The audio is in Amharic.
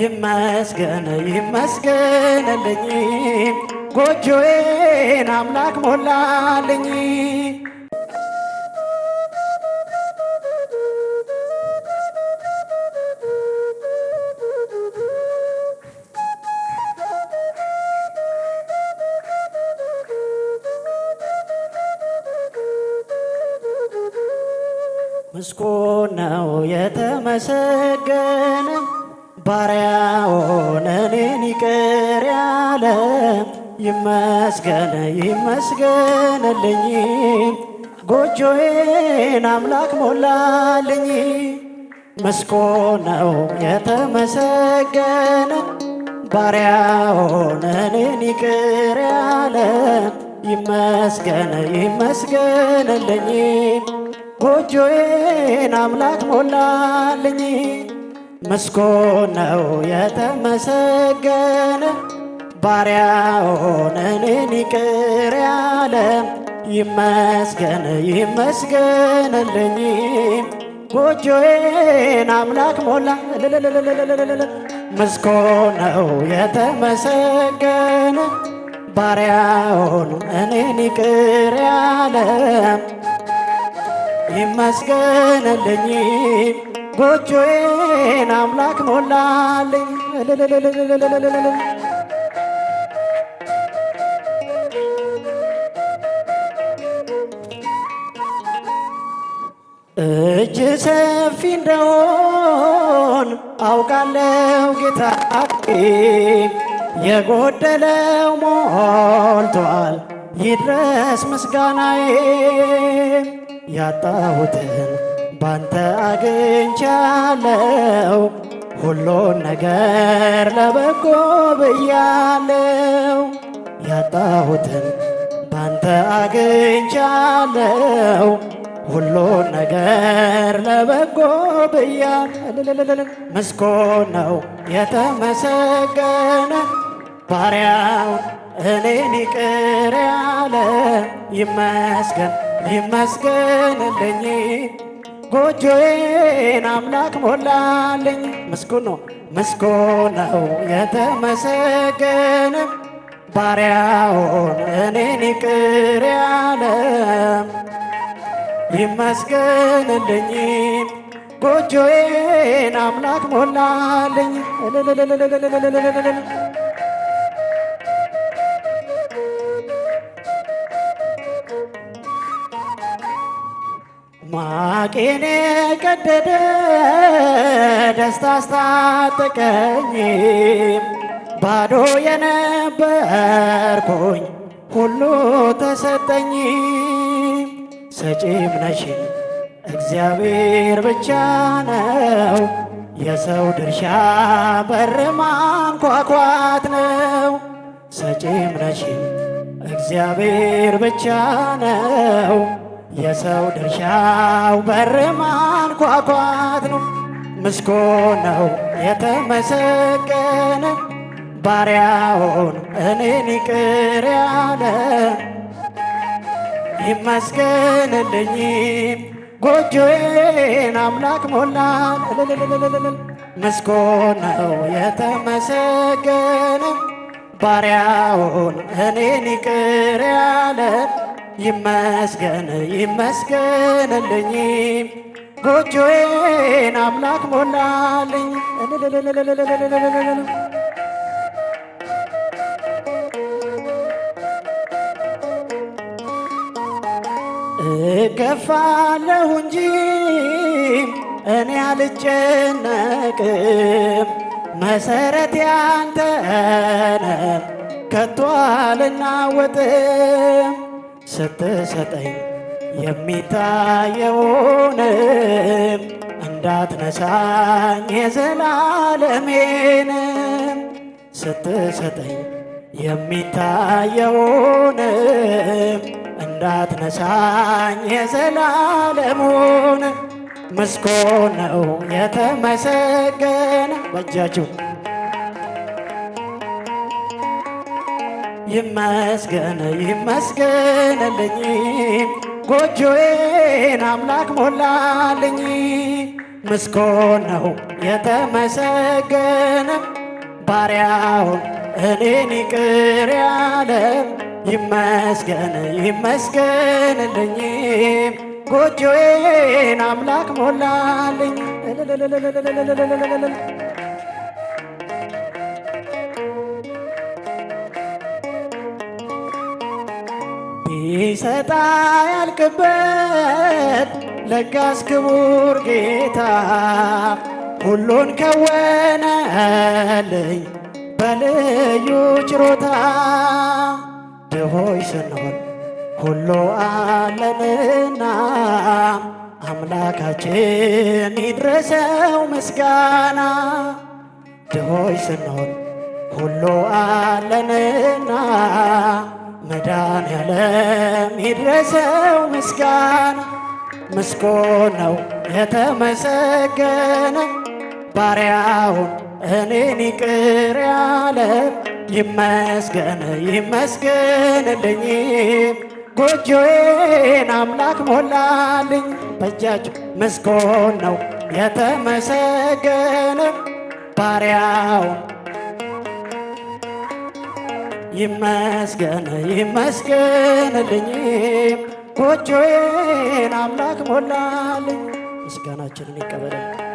ይመስገን ይመስገንልኝ ጎጆዬን አምላክ ሞላልኝ። ምስጉን ነው የተመሰገነ ባሪያውን እኔን ይቅር ያለ ይመስገን ይመስገንልኝ። ጎጆዬን አምላክ ሞላልኝ። መስኮ ነው የተመሰገነ ባሪያውን እኔን ይቅር ያለ ይመስገን ይመስገንልኝ። ጎጆዬን አምላክ ሞላልኝ ምስጉን ነው የተመሰገነ ባሪያውን እኔን ይቅር ያለ ይመስገን ይመስገንልኝ ጎጆዬን አምላክ ሞላ። ምስጉን ነው የተመሰገነ ባሪያውን እኔን ይቅር ያለ ይመስገንልኝ ጎጆዬን አምላክ ሞላልኝ። እጅ ሰፊ እንደሆን አውቃለሁ ጌታ የጎደለው ሞልቷል። ይድረስ ምስጋናዬ ያጣሁትን ባንተ አግኝቻለው ሁሉን ነገር ለበጎ ብያለው ያጣሁትን ባንተ አግኝቻለው ሁሉን ነገር ለበጎ ብያ ምስጎን ነው የተመሰገነ ባሪያውን እኔን ይቅር ያለ ይመስገን ይመስገንልኝ። ጎጆዬን አምላክ ሞላልኝ። ምስጉን ነው ምስጉን ነው የተመሰገነ ባሪያውን እኔን ይቅር ያለ ይመስገንልኝ። ጎጆዬን አምላክ ሞላልኝ ማቄን ቀደደ ደስታ አስታጠቀኝ ባዶ የነበርኩኝ ሁሉ ተሰጠኝ። ሰጪም ነሽ እግዚአብሔር ብቻ ነው የሰው ድርሻ በር ማንኳኳት ነው። ሰጪም ነሽ እግዚአብሔር ብቻ ነው የሰው ድርሻው በር ማንኳኳት ነው። ምስጉን ነው የተመሰገነ ባሪያውን እኔን ይቅር ያለ ይመስገንልኝም ጎጆዬን አምላክ ሞላል። ምስጉን ነው የተመሰገነ ባሪያውን እኔን ይቅር ያለን ይመስገን ይመስገንልኝ ጎጆዬን አምላክ ሞላልኝ። እገፋለሁ እንጂ እኔ አልጨነቅም፣ መሰረት ያንተነ ከቶ አልናወጥም ስትሰጠኝ የሚታየውንም እንዳትነሳኝ የዘላለሜንም ስትሰጠኝ የሚታየውንም እንዳትነሳኝ የዘላለሙን ምስኮ ነው የተመሰገነ በእጃችሁ ይመስገን ይመስገንልኝ ጎጆዬን አምላክ ሞላልኝ። ምስኮን ነው የተመሰገነ ባሪያውን እኔን ይቅር ያለ ይመስገን ይመስገንልኝ ጎጆዬን አምላክ ሞላልኝ ቢሰጣ ያልቅበት ለጋስ ክቡር ጌታ ሁሉን ከወነልኝ በልዩ ችሮታ ድሆች ስንሆን ሁሉ አለንና አምላካችን ይድረሰው ምስጋና። ድሆይ ስንሆን ሁሉ አለንና መድኃኔዓለም ይድረሰው ምስጋና ምስጉን ነው የተመሰገነ ባሪያውን እኔን ይቅር ያለ ይመስገን ይመስገንልኝ። ጎጆዬን አምላክ ሞላልኝ በጃጅ ምስጉን ነው የተመሰገነ ባሪያውን ይመስገን ይመስገንልኝ ጎጆዬን አምላክ ሞላልኝ። ምስጋናችንን ይቀበላል።